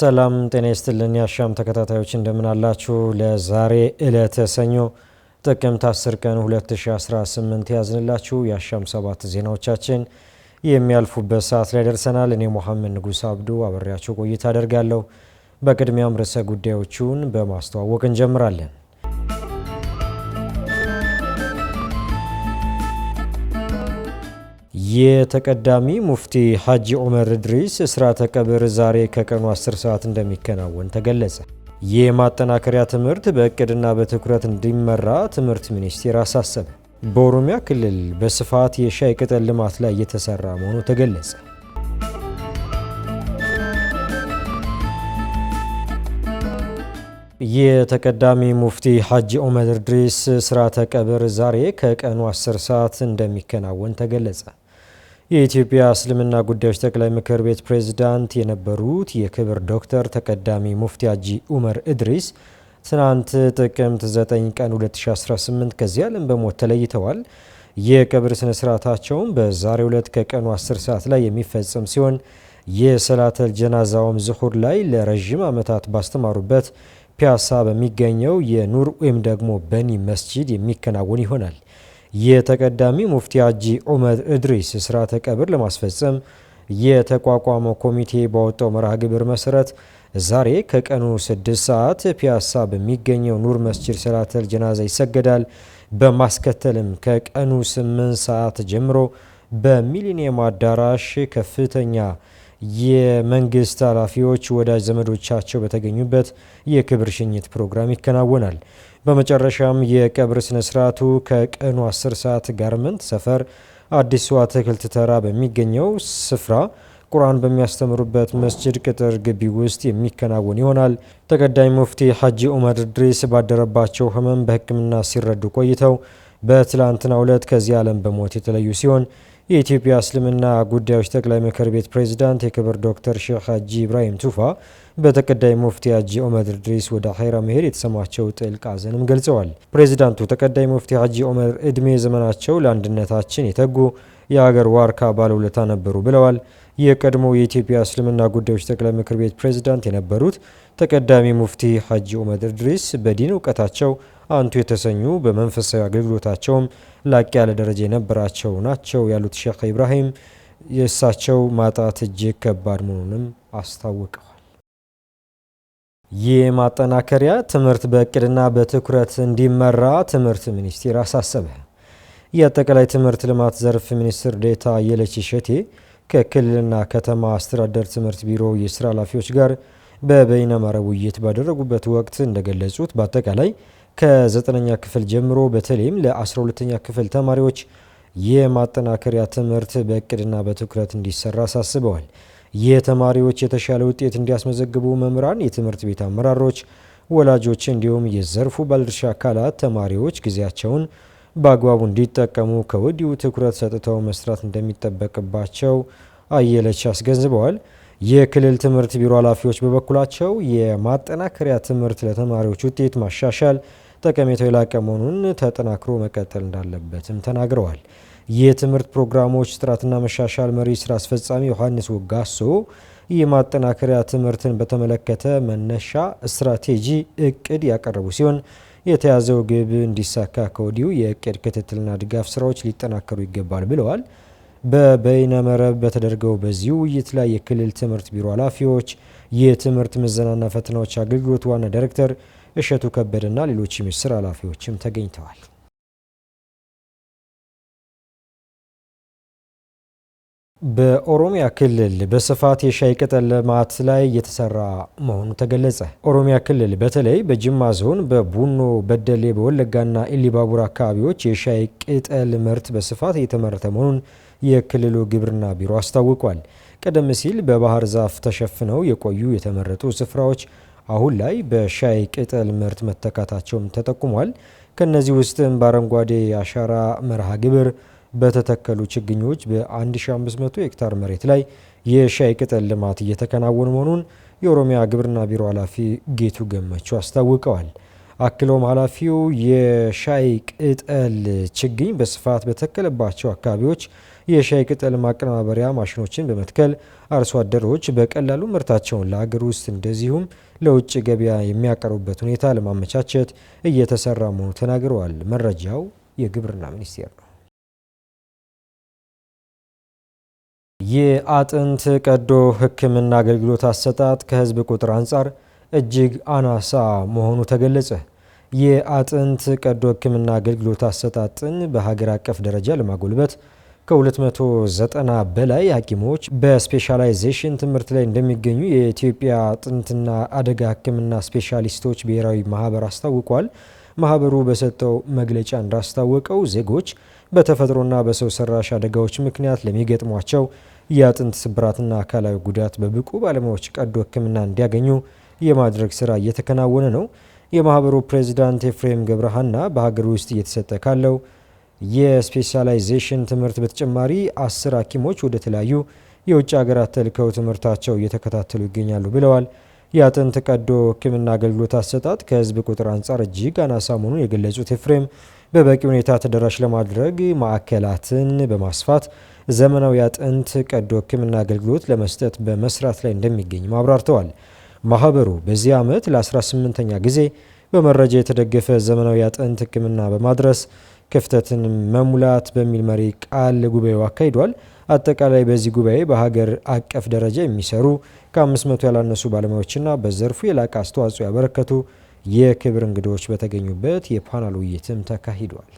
ሰላም ጤና ይስጥልን። የአሻም ተከታታዮች እንደምን አላችሁ? ለዛሬ ዕለተ ሰኞ ጥቅምት 10 ቀን 2018 ያዝንላችሁ የአሻም ሰባት ዜናዎቻችን የሚያልፉበት ሰዓት ላይ ደርሰናል። እኔ ሞሐመድ ንጉስ አብዱ አበሬያችሁ ቆይታ አደርጋለሁ። በቅድሚያም ርዕሰ ጉዳዮቹን በማስተዋወቅ እንጀምራለን። የተቀዳሚ ሙፍቲ ሐጂ ዑመር እድሪስ ስርዓተ ቀብር ዛሬ ከቀኑ 10 ሰዓት እንደሚከናወን ተገለጸ። የማጠናከሪያ ትምህርት በእቅድና በትኩረት እንዲመራ ትምህርት ሚኒስቴር አሳሰበ። በኦሮሚያ ክልል በስፋት የሻይ ቅጠል ልማት ላይ እየተሰራ መሆኑ ተገለጸ። የተቀዳሚ ሙፍቲ ሐጂ ዑመር እድሪስ ስርዓተ ቀብር ዛሬ ከቀኑ 10 ሰዓት እንደሚከናወን ተገለጸ። የኢትዮጵያ እስልምና ጉዳዮች ጠቅላይ ምክር ቤት ፕሬዝዳንት የነበሩት የክብር ዶክተር ተቀዳሚ ሙፍቲ ሀጂ ኡመር እድሪስ ትናንት ጥቅምት 9 ቀን 2018 ከዚህ ዓለም በሞት ተለይተዋል። የቀብር ስነ ስርዓታቸውም በዛሬው ዕለት ከቀኑ 10 ሰዓት ላይ የሚፈጸም ሲሆን የሰላተል ጀናዛውም ዝሁር ላይ ለረዥም ዓመታት ባስተማሩበት ፒያሳ በሚገኘው የኑር ወይም ደግሞ በኒ መስጂድ የሚከናወን ይሆናል። የተቀዳሚ ሙፍቲ ሀጂ ዑመር እድሪስ ስርዓተ ቀብር ለማስፈጸም የተቋቋመው ኮሚቴ ባወጣው መርሃ ግብር መሰረት ዛሬ ከቀኑ 6 ሰዓት ፒያሳ በሚገኘው ኑር መስጂድ ሰላተል ጀናዛ ይሰገዳል። በማስከተልም ከቀኑ 8 ሰዓት ጀምሮ በሚሊኒየም አዳራሽ ከፍተኛ የመንግስት ኃላፊዎች ወዳጅ ዘመዶቻቸው በተገኙበት የክብር ሽኝት ፕሮግራም ይከናወናል። በመጨረሻም የቀብር ስነ ስርዓቱ ከቀኑ 10 ሰዓት ጋርመንት ሰፈር አዲሱ አትክልት ተራ በሚገኘው ስፍራ ቁርአን በሚያስተምሩበት መስጅድ ቅጥር ግቢ ውስጥ የሚከናወን ይሆናል። ተቀዳሚ ሙፍቲ ሐጂ ኡመር ድሪስ ባደረባቸው ህመም በሕክምና ሲረዱ ቆይተው በትላንትናው ዕለት ከዚህ ዓለም በሞት የተለዩ ሲሆን የኢትዮጵያ እስልምና ጉዳዮች ጠቅላይ ምክር ቤት ፕሬዝዳንት የክብር ዶክተር ሼክ ሀጂ ኢብራሂም ቱፋ በተቀዳይ ሙፍቲ ሀጂ ኦመር ድሪስ ወደ ሀይራ መሄድ የተሰማቸው ጥልቅ አዘንም ገልጸዋል። ፕሬዚዳንቱ ተቀዳይ ሙፍቲ ሀጂ ኦመር ዕድሜ ዘመናቸው ለአንድነታችን የተጉ የሀገር ዋርካ ባለውለታ ነበሩ ብለዋል። የቀድሞ የኢትዮጵያ እስልምና ጉዳዮች ጠቅላይ ምክር ቤት ፕሬዝዳንት የነበሩት ተቀዳሚ ሙፍቲ ሀጂ ኦመር ድሪስ በዲን እውቀታቸው አንቱ የተሰኙ በመንፈሳዊ አገልግሎታቸውም ላቅ ያለ ደረጃ የነበራቸው ናቸው ያሉት ሼክ ኢብራሂም የእሳቸው ማጣት እጅግ ከባድ መሆኑንም አስታውቀዋል። ማጠናከሪያ ትምህርት በእቅድና በትኩረት እንዲመራ ትምህርት ሚኒስቴር አሳሰበ። የአጠቃላይ ትምህርት ልማት ዘርፍ ሚኒስትር ዴታ የለች ሸቴ ከክልልና ከተማ አስተዳደር ትምህርት ቢሮ የስራ ኃላፊዎች ጋር በበይነመረብ ውይይት ባደረጉበት ወቅት እንደገለጹት በአጠቃላይ ከዘጠነኛ ክፍል ጀምሮ በተለይም ለ12ተኛ ክፍል ተማሪዎች የማጠናከሪያ ትምህርት በእቅድና በትኩረት እንዲሰራ አሳስበዋል። የተማሪዎች የተሻለ ውጤት እንዲያስመዘግቡ መምህራን፣ የትምህርት ቤት አመራሮች፣ ወላጆች እንዲሁም የዘርፉ ባለድርሻ አካላት ተማሪዎች ጊዜያቸውን በአግባቡ እንዲጠቀሙ ከወዲሁ ትኩረት ሰጥተው መስራት እንደሚጠበቅባቸው አየለች አስገንዝበዋል። የክልል ትምህርት ቢሮ ኃላፊዎች በበኩላቸው የማጠናከሪያ ትምህርት ለተማሪዎች ውጤት ማሻሻል ጠቀሜታው የላቀ መሆኑን ተጠናክሮ መቀጠል እንዳለበትም ተናግረዋል። የትምህርት ፕሮግራሞች ጥራትና መሻሻል መሪ ስራ አስፈጻሚ ዮሐንስ ወጋሶ የማጠናከሪያ ትምህርትን በተመለከተ መነሻ ስትራቴጂ እቅድ ያቀረቡ ሲሆን የተያዘው ግብ እንዲሳካ ከወዲሁ የእቅድ ክትትልና ድጋፍ ስራዎች ሊጠናከሩ ይገባል ብለዋል። በበይነ መረብ በተደረገው በዚህ ውይይት ላይ የክልል ትምህርት ቢሮ ኃላፊዎች፣ የትምህርት ምዘናና ፈተናዎች አገልግሎት ዋና ዳይሬክተር እሸቱ ከበደና ሌሎች የስራ ኃላፊዎችም ተገኝተዋል። በኦሮሚያ ክልል በስፋት የሻይ ቅጠል ልማት ላይ የተሰራ መሆኑ ተገለጸ። ኦሮሚያ ክልል በተለይ በጅማ ዞን በቡኖ በደሌ፣ በወለጋና ኢሊባቡር አካባቢዎች የሻይ ቅጠል ምርት በስፋት እየተመረተ መሆኑን የክልሉ ግብርና ቢሮ አስታውቋል። ቀደም ሲል በባህር ዛፍ ተሸፍነው የቆዩ የተመረጡ ስፍራዎች አሁን ላይ በሻይ ቅጠል ምርት መተካታቸውም ተጠቁሟል። ከእነዚህ ውስጥም በአረንጓዴ አሻራ መርሃ ግብር በተተከሉ ችግኞች በ1500 ሄክታር መሬት ላይ የሻይ ቅጠል ልማት እየተከናወነ መሆኑን የኦሮሚያ ግብርና ቢሮ ኃላፊ ጌቱ ገመቹ አስታውቀዋል። አክሎም ኃላፊው የሻይ ቅጠል ችግኝ በስፋት በተከለባቸው አካባቢዎች የሻይ ቅጠል ማቀነባበሪያ ማሽኖችን በመትከል አርሶ አደሮች በቀላሉ ምርታቸውን ለሀገር ውስጥ እንደዚሁም ለውጭ ገበያ የሚያቀርቡበት ሁኔታ ለማመቻቸት እየተሰራ መሆኑ ተናግረዋል። መረጃው የግብርና ሚኒስቴር ነው። የአጥንት ቀዶ ሕክምና አገልግሎት አሰጣጥ ከህዝብ ቁጥር አንጻር እጅግ አናሳ መሆኑ ተገለጸ። የአጥንት ቀዶ ሕክምና አገልግሎት አሰጣጥን በሀገር አቀፍ ደረጃ ለማጎልበት ከ290 በላይ ሐኪሞች በስፔሻላይዜሽን ትምህርት ላይ እንደሚገኙ የኢትዮጵያ አጥንትና አደጋ ሕክምና ስፔሻሊስቶች ብሔራዊ ማህበር አስታውቋል። ማህበሩ በሰጠው መግለጫ እንዳስታወቀው ዜጎች በተፈጥሮና በሰው ሰራሽ አደጋዎች ምክንያት ለሚገጥሟቸው የአጥንት ስብራትና አካላዊ ጉዳት በብቁ ባለሙያዎች ቀዶ ሕክምና እንዲያገኙ የማድረግ ስራ እየተከናወነ ነው። የማህበሩ ፕሬዚዳንት ኤፍሬም ገብረሃና በሀገር ውስጥ እየተሰጠ ካለው የስፔሻላይዜሽን ትምህርት በተጨማሪ አስር ሐኪሞች ወደ ተለያዩ የውጭ ሀገራት ተልከው ትምህርታቸው እየተከታተሉ ይገኛሉ ብለዋል። የአጥንት ቀዶ ሕክምና አገልግሎት አሰጣጥ ከህዝብ ቁጥር አንጻር እጅግ አናሳ መሆኑን የገለጹት ኤፍሬም በበቂ ሁኔታ ተደራሽ ለማድረግ ማዕከላትን በማስፋት ዘመናዊ የአጥንት ቀዶ ሕክምና አገልግሎት ለመስጠት በመስራት ላይ እንደሚገኝ ማብራርተዋል። ማህበሩ በዚህ ዓመት ለ18ኛ ጊዜ በመረጃ የተደገፈ ዘመናዊ አጥንት ሕክምና በማድረስ ክፍተትን መሙላት በሚል መሪ ቃል ጉባኤው አካሂዷል። አጠቃላይ በዚህ ጉባኤ በሀገር አቀፍ ደረጃ የሚሰሩ ከ500 ያላነሱ ባለሙያዎችና በዘርፉ የላቀ አስተዋጽኦ ያበረከቱ የክብር እንግዶች በተገኙበት የፓናል ውይይትም ተካሂዷል።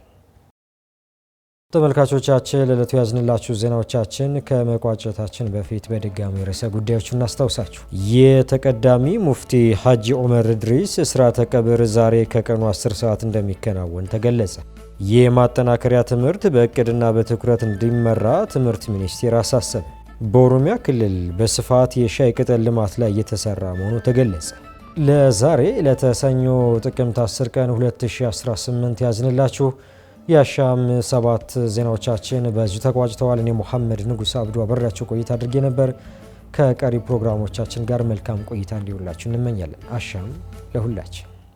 ተመልካቾቻችን ለዕለቱ ያዝንላችሁ ዜናዎቻችን ከመቋጨታችን በፊት በድጋሚ ርዕሰ ጉዳዮችን እናስታውሳችሁ። የተቀዳሚ ሙፍቲ ሐጂ ዑመር እድሪስ ስርዓተ ቀብር ዛሬ ከቀኑ 10 ሰዓት እንደሚከናወን ተገለጸ። የማጠናከሪያ ትምህርት በእቅድና በትኩረት እንዲመራ ትምህርት ሚኒስቴር አሳሰበ። በኦሮሚያ ክልል በስፋት የሻይ ቅጠል ልማት ላይ እየተሰራ መሆኑ ተገለጸ። ለዛሬ ለተሰኞ ጥቅምት 10 ቀን 2018 ያዝንላችሁ የአሻም ሰባት ዜናዎቻችን በዚሁ ተቋጭተዋል። እኔ ሙሐመድ ንጉስ አብዱ አበሬያቸው ቆይታ አድርጌ ነበር። ከቀሪ ፕሮግራሞቻችን ጋር መልካም ቆይታ እንዲሆንላችሁ እንመኛለን። አሻም ለሁላችን!